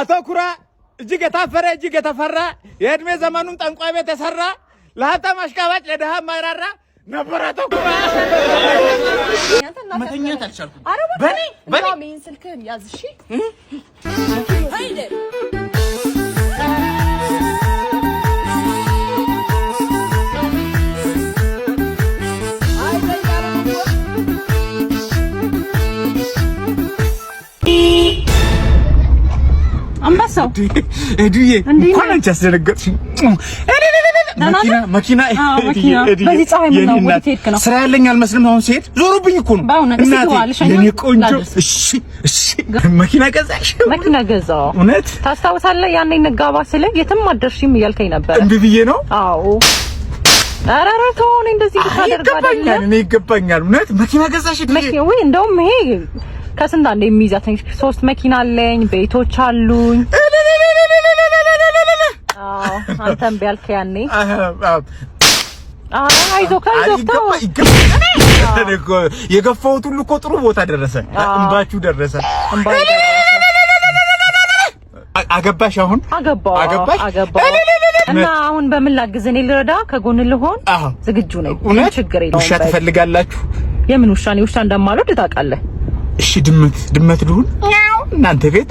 አቶ ኩራ እጅግ የታፈረ እጅግ የተፈራ የእድሜ ዘመኑን ጠንቋይ ቤት የሰራ ለሀብታም አሽቃባጭ ለድሃ ማራራ ነበር አቶ ኩራ። መተኛት አልቻልኩም። በኔ በኔ ስልክህን ያዝ እሺ። ሰው ኤዱዬ እንኳን አንቺ አስደነገጥሽኝ። መኪና ስራ ያለኝ አልመስልም። አሁን ሴት ዞሮብኝ እኮ ነው ቆንጆ። እሺ እሺ፣ መኪና ገዛሽ? መኪና ገዛው። እውነት ታስታውሳለህ? ያኔ እንጋባ ስለ የትም አደርሽም እያልከኝ ነበር። እምቢ ብዬ ነው። አዎ ኧረ ኧረ ተው፣ እኔ እንደዚህ ብታደርግ እኔ ይገባኛል። እውነት መኪና ገዛሽ? እንደውም ይሄ ከስንት አንዴ የሚይዛት ሶስት መኪና አለኝ፣ ቤቶች አሉኝ አንተም ቢያልክ ያኔ የገፋሁት ሁሉ እኮ ጥሩ ቦታ ደረሰ። እንባችሁ ደረሰ። አገባሽ አሁን እና አሁን በምን ላግዝ? እኔ ልረዳ ከጎን ልሆን ዝግጁ ነኝ። ችግር የለውም። ውሻ ትፈልጋላችሁ? የምን ውሻ? እኔ ውሻ እንደማልወድ ታውቃለህ። እሺ ድመት ድመት ልሁን እናንተ ቤት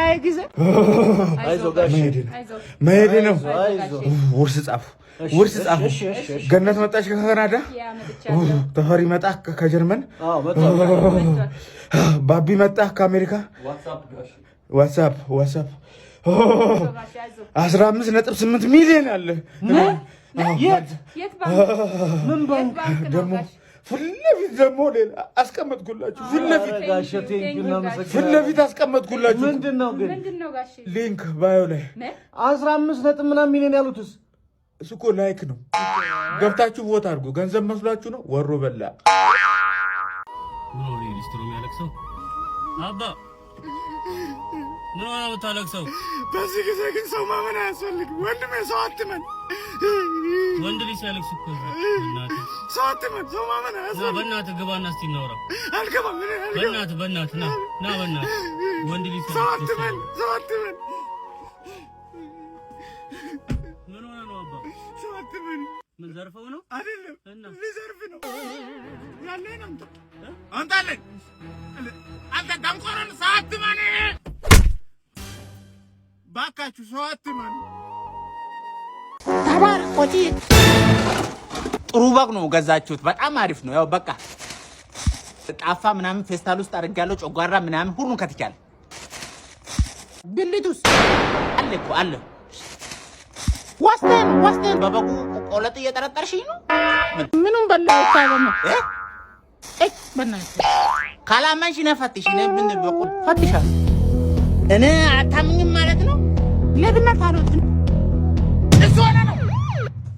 አይ ጊዜ መሄድ ነው። ውርስ ጻፉ፣ ውርስ ጻፉ። ገነት መጣች ከካናዳ፣ ተፈሪ መጣ ከጀርመን፣ ባቢ መጣ ከአሜሪካ። ዋትሳፕ ዋትሳፕ አስራ አምስት ነጥብ ስምንት ሚሊዮን አለ ደግሞ ፊትለፊት ደግሞ ሌላ አስቀመጥኩላችሁ። ፊትለፊት አስቀመጥኩላችሁ። ምንድን ነው ግን ሊንክ ባዮ ላይ አስራ አምስት ነጥብ ምናምን ሚሊዮን ያሉትስ እሱ እኮ ላይክ ነው። ገብታችሁ ቦታ አድርጎ ገንዘብ መስሏችሁ ነው። ወሮ በላ ምን ሆነ የምታለቅሰው? በዚህ ጊዜ ግን ሰው ማመን አያስፈልግም። ወንድሜ ሰው አትመን ወንድ ልጅ ሲያለቅስ እኮ በእናትህ ግባና እስኪ እናውራ። በእናትህ በእናትህ ና ና በእናትህ ወንድ ልጅ ምን ሆነ ነው አባ? ምን ዘርፈው ነው? አይደለም ልዘርፍ ነው ያለህን አንተ አለኝ አንተ ደንቆሮን ሰው አትመን፣ እባካችሁ ሰው አትመን። ተባረኮቲ ጥሩ በግ ነው ገዛችሁት። በጣም አሪፍ ነው። ያው በቃ ጣፋ ምናምን ፌስታል ውስጥ አድርጋለሁ። ጨጓራ ምናምን ሁሉን ከትቻለሁ። ብልቱስ አለ እኮ አለ። ዋስተን ዋስተን በበጉ ቆለጥ እየጠረጠርሽኝ ነው። ምኑም በላሁ ታበነ እክ በእናትሽ ካላመንሽ ነው ፈትሽ። እኔ ምን በቁ ፈትሻል። እኔ አታምኝም ማለት ነው። ለድነት አልወጥም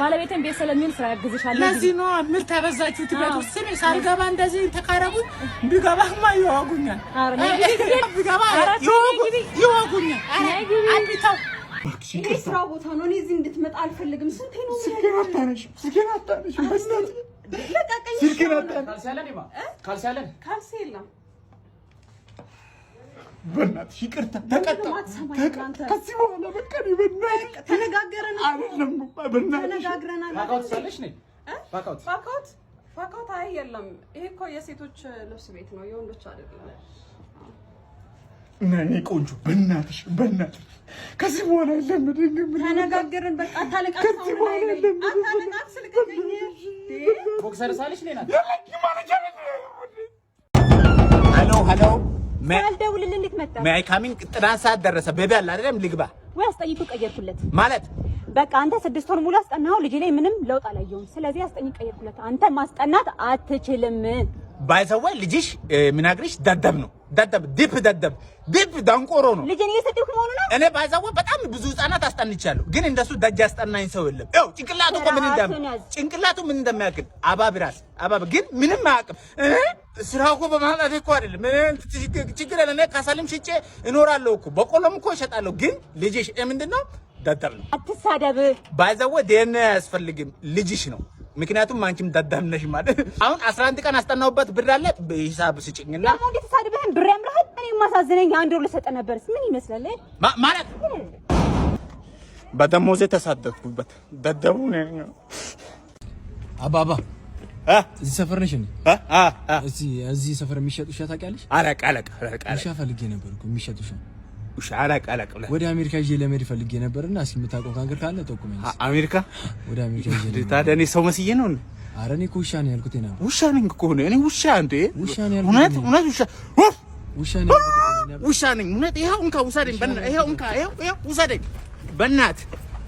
ባለቤቴን ቤት ስለሚል ስራ ያግዝሻለሁ። ለዚህ ነው ምርት ያበዛችሁት ቤት ውስጥ ሳልገባ እንደዚህ ተቃረቡኝ። ብገባማ ይዋጉኛል፣ ይዋጉኛል። ይህ ስራ ቦታ ነው። እኔ እዚህ እንድትመጣ አልፈልግም። ስንቴ ነው ስልኬን አታነሽ፣ ስልኬን አታነሽ፣ ስልኬን አታነሽ። ካልሲ አለን፣ ካልሲ የለም በእናትሽ ይቅርታ ከዚህ በኋላ በቃ በእናትሽ ተነጋገረን አይደለም ፋካውት አይ የለም፣ ይሄ እኮ የሴቶች ልብስ ቤት ነው፣ የወንዶች አይደለም። እኔ ቆንጆ በእናትሽ በእናትሽ ከዚህ በኋላ ተነጋገርን በቃ። ከዚህ በኋላ ሳልደውልልህ እንዴት መጣ? ማይ ካሚን ጥናት ሰዓት ደረሰ። ቤቢ አለ አይደለም ልግባ ወይ አስጠይቱ ቀየርኩለት ማለት በቃ አንተ ስድስት ወር ሙሉ አስጠናኸው ልጅ ላይ ምንም ለውጥ አላየሁም። ስለዚህ አስጠኝ ቀየርኩለት። አንተ ማስጠናት አትችልም። ባይሰዋ ልጅሽ ምናግሪሽ ደደብ ነው ደደብ ዲፕ ደደብ ዲፕ ዳንቆሮ ነው። ልጅን እየሰደብክ መሆኑ ነው። እኔ ባይሰዋ በጣም ብዙ ህጻናት አስጠንቻለሁ፣ ግን እንደሱ ደጅ አስጠናኝ ሰው የለም። ያው ጭንቅላቱ ምን እንደም ጭንቅላቱ ምን እንደሚያክል አባብ ራስ አባብ ግን ምንም አያውቅም። ስራ እኮ በማህላት እኮ አይደለም። ምን ችግር አለ? ካሳልም ሽጬ እኖራለሁ እኮ በቆሎም እኮ እሸጣለሁ። ግን ልጅሽ ምንድን ነው ደደብ ነው። አትሳደብ። ባይዘወ ደህና አያስፈልግም። ልጅሽ ነው። ምክንያቱም አንቺም ደደብ ነሽ ማለት። አሁን 11 ቀን አስጠናውበት ብር አለ ሂሳብ ስጭኝና ደግሞ እንዴት ሳድብህን ብር ያምራል። እኔ ማሳዝነኝ አንድ ወር ልሰጠ ነበርስ ምን ይመስላል ማለት በደሞዜ ተሳደብኩበት። ደደቡ ነኝ አባባ እዚህ ሰፈር ነሽ እንዴ? እዚህ ሰፈር የሚሸጥ ውሻ ታውቂያለሽ? አላቅ አላቅ አላቅ ውሻ ፈልጌ ነበር እኮ የሚሸጥ ውሻ ውሻ አላቅ አላቅ ብለህ ወደ አሜሪካ ይዤ ለመሄድ ፈልጌ ነበርና እስኪ የምታውቀው ከአንገር ካለ ጠቁመኝ። አሜሪካ ወደ አሜሪካ ይዤ ለመሄድ ታዲያ እኔ ሰው መስዬ ነው እንዴ? እኔ እኮ ውሻ ነው ያልኩት። እና ውሻ ነኝ እኮ እኔ ውሻ እንዴ! ውሻ ነው ያልኩት። እውነት እውነት ውሻ ውሻ ነኝ ውሻ ነኝ እውነት። ይኸው እንካ ውሰደኝ፣ በእናትህ ይኸው እንካ፣ ይኸው ይኸው ውሰደኝ፣ በእናትህ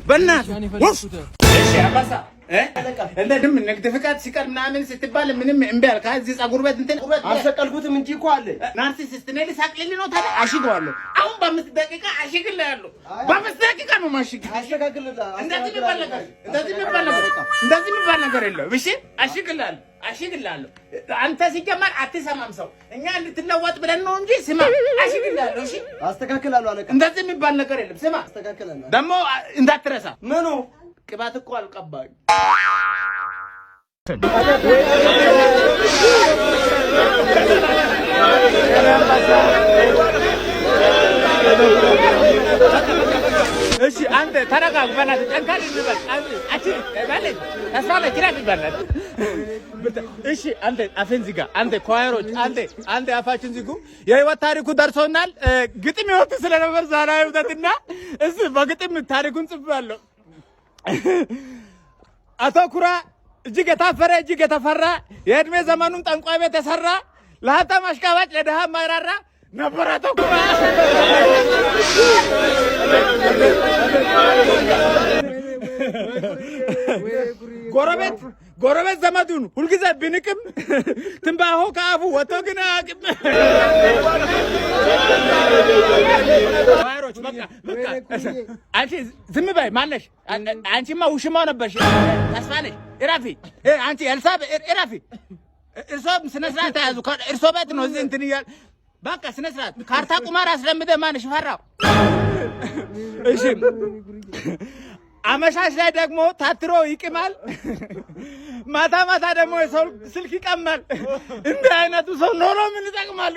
በእናትህ። እሺ አባሳ እንደድም ንግድ ፍቃድ ሲቀር ምናምን ስትባል ምንም እምቢ አልክ። እዚህ ፀጉር ቤት እንትን አልሰቀልኩትም እንጂ እኮ አለ ናርሲሲስት ነህ። ልሳቅልኝ ነው ታዲያ? አሽገዋለሁ። አሁን በአምስት ደቂቃ አሽግልሃለሁ። በአምስት ደቂቃ ነው ማሽግ። እንደዚህ የሚባል ነገር የለውም። እሺ አሽግልሃለሁ አሽግላለሁ አንተ ሲጀመር አትሰማም። ሰው እኛ እንድትለወጥ ብለን ነው እንጂ ስማ፣ አሽግላለሁ። እሺ አስተካክላለሁ። አለቀ። እንደዚህ የሚባል ነገር የለም። ስማ፣ አስተካክላለሁ። ደግሞ እንዳትረሳ ምኑ ቅባት እኮ አልቀባኝ። እሺ አንተ ተረጋጉ፣ በእናትህ ጠንካር እንበል። እሺ አንተ አፍን ዝጋ። አንተ ኳየሮች፣ አንተ አንተ አፋችን ዝጉ። የህይወት ታሪኩ ደርሶናል። ግጥም ይወት ስለነበር ዛሬ አይውጣትና እሱ በግጥም ታሪኩን ጽፌያለሁ። አቶ ኩራ እጅግ የታፈረ እጅግ የተፈራ የእድሜ ዘመኑን ጠንቋይ ቤት የሰራ ለሀብታም አሽቃባጭ ለድሃ ማይራራ ነበር አቶ ኩራ። ጎረቤት ጎረቤት ዘመዱን ሁልጊዜ ቢንቅም ትንባሆ ከአፉ ወጥቶ ግን አያውቅም። አንቺ ዝም በይ ማነሽ? አንቺማ ውሽማው ነበርሽ። ተስፋ ነሽ። እረፊ አንቺ ኤልሳብ፣ እረፊ። እርሶም ስነ ስርዓት ያዙ። እርሶ ቤት ነው እዚህ እንትን እያል በቃ ስነ ስርዓት ካርታ ቁማር አስለምደ ማነሽ ፈራው እሺ አመሻሽ ላይ ደግሞ ታትሮ ይቅማል። ማታ ማታ ደግሞ የሰው ስልክ ይቀማል። እንዲህ አይነቱ ሰው ኖሮ ምን ይጠቅማል?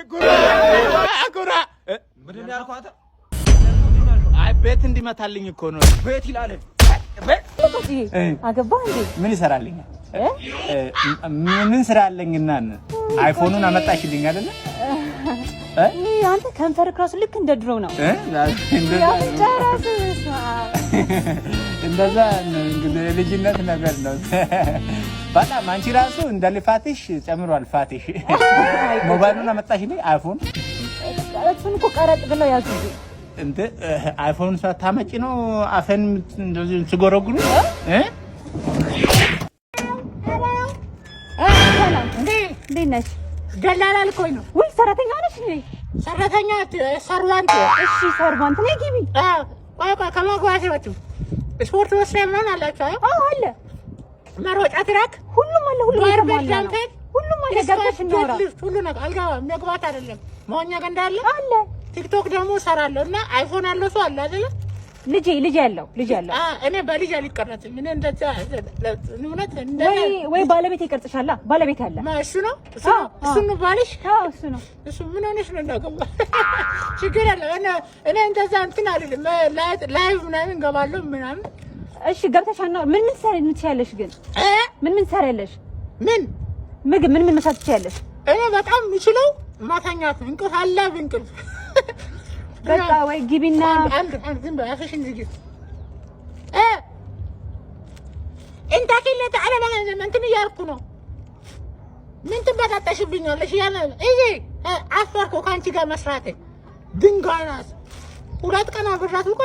ኩራ ቤት እንዲመታልኝ እኮ ነው። ቤት ይላል። አገባ እንዴ? ምን ይሰራልኛል? ምን ስራ አለኝና አይፎኑን አመጣሽልኝ አይደለ? አንተ ከንፈር ክራሱ ልክ እንደ ድሮው ነው። እንደዛ እንግዲህ ልጅነት ነገር ነው። በጣም አንቺ ራሱ እንደ ልፋትሽ ጨምሯል። ፋትሽ ሞባይሉን አመጣሽ ነ አይፎን እሱን እኮ ቀረጥ ብለው ያዙ እንደ አይፎን ሳታመጪ ነው አፈን እንደዚህ ስጎረጉሩ እ እንዴት ነሽ? ደላላ ልኮኝ ነው። ውይ ሰራተኛ ነሽ እንዴ? ሰራተኛ ሰርቫንት። እሺ ሰርቫንት ነኝ ግቢ። ቋቋ ከማጓሽ ወጡ ስፖርት መስሪያ ምናምን አላቸው? አዎ አለ። መሮጫ ትራክ፣ ሁሉም አለ። ሁሉም ሁሉም አለ። ገብተሽ እናውራ። ሁሉ ነገር አልጋ መግባት አይደለም መዋኛ ገንዳ አለ አለ። ቲክቶክ ደግሞ እሰራለሁ እና አይፎን አለ ሰው አለ አይደለም ልጄ ልጅ ያለው ልጅ ያለው እኔ በልጅ አልቀረጽም። እኔ እንደዛ እውነት እንደ ወይ ባለቤት ይቀርጽሻላ። ባለቤት አለ እሱ ነው እሱ ነው ባልሽ እሱ ነው እሱ ምን ሆነሽ ነው? እንዳገባ ችግር አለ። እኔ እንደዛ እንትን አይደለም ላይቭ ምናምን እንገባለሁ ምናምን። እሺ ገብተሻ ነው። ምን ምን ሰሪ እንትያለሽ? ግን ምን ምን ያለሽ? ምን ምግብ ምን ምን መስራት ትችያለሽ? እኔ በጣም የምችለው ማተኛት እንቅልፍ አለ ብንቅልፍ በቃ ወይ ግቢና እንትን እያልኩ ነው። ምን ትበጣጠሽብኛለሽ? እኔ አፈርኩ ከአንቺ ጋር መስራቴ። ድንጋይ ናት። ሁለት ቀን አብራት እኮ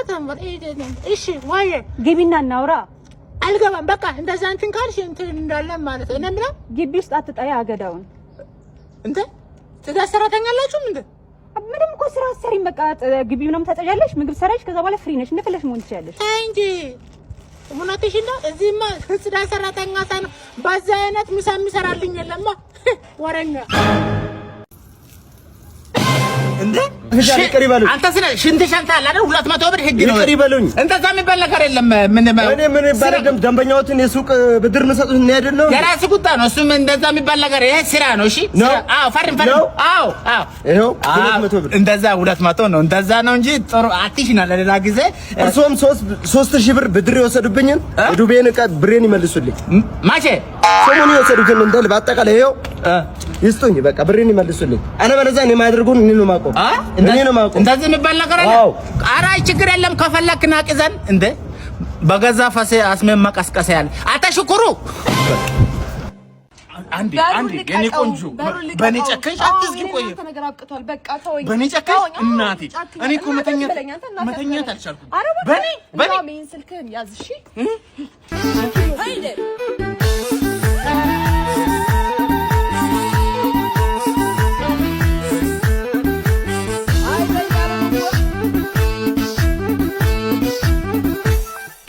እሺ ወይ ግቢና እናውራ። አልገባም። በቃ እንደዛ እንትን ካልሽ እንትን እንዳለን ማለት ነው። ግቢ ውስጥ አትጣይ አገዳውን እንትን ትዳሰራተኛላችሁም እንትን ምንም እኮ ስራ ሰሪ በቃ ግቢ ምናምን ታጸጃለሽ፣ ምግብ ሰራሽ፣ ከዛ በኋላ ፍሪ ነሽ፣ እንደፈለሽ መሆን ትችላለሽ እንጂ እውነትሽ ነው። እዚህማ ጽዳት ሰራተኛ ሳይሆን በዛ አይነት ምሳ የሚሰራልኝ የለማ ወረኛ ሽንት ሸንት አለ አይደል? ሁለት መቶ ብር ህግ ነው። ይቅር ይበሉኝ። እንደዛ የሚባል ነገር የለም። ምን ምን ይባል ደም ደንበኛዎትን የሱቅ ብድር መሰጡት እና አይደል ነው የራስ ቁጣ ነው። እሱም እንደዛ የሚባል ነገር ይሄ ስራ ነው። እሺ፣ አዎ፣ ፈርም ፈርም። አዎ፣ አዎ፣ ይሄው ሁለት መቶ ብር እንደዛ ሁለት መቶ ነው። እንደዛ ነው እንጂ ጥሩ አትሽና ለሌላ ጊዜ እርሶም ሶስት ሺህ ብር ብድር የወሰዱብኝን ዱቤን ዕቃ ብሬን ይመልሱልኝ። ማቼ ሰሞኑን የወሰዱትን እንዳለ በአጠቃላይ ይሄው ይስጡኝ፣ በቃ ብሬን ይመልሱልኝ። አለበለዚያ እኔ የማያደርጉን እኔ ነው የማውቀው፣ እኔ ነው የማውቀው። እንደዚህ የሚባል ነገር አለ? ኧረ ችግር የለም ከፈለክ ና ቅዘን። እንደ በገዛ ፈሴ አስሜን መቀስቀስ ያለ አተሽኩሩ አንዴ አንዴ የኔ ቆንጆ በኔ ጨከሽ አትዝጊ። ቆይ በኔ ጨከሽ እናቴ፣ እኔ እኮ መተኛት መተኛት አልቻልኩም። በኔ በኔ ስልክህን ያዝ እሺ።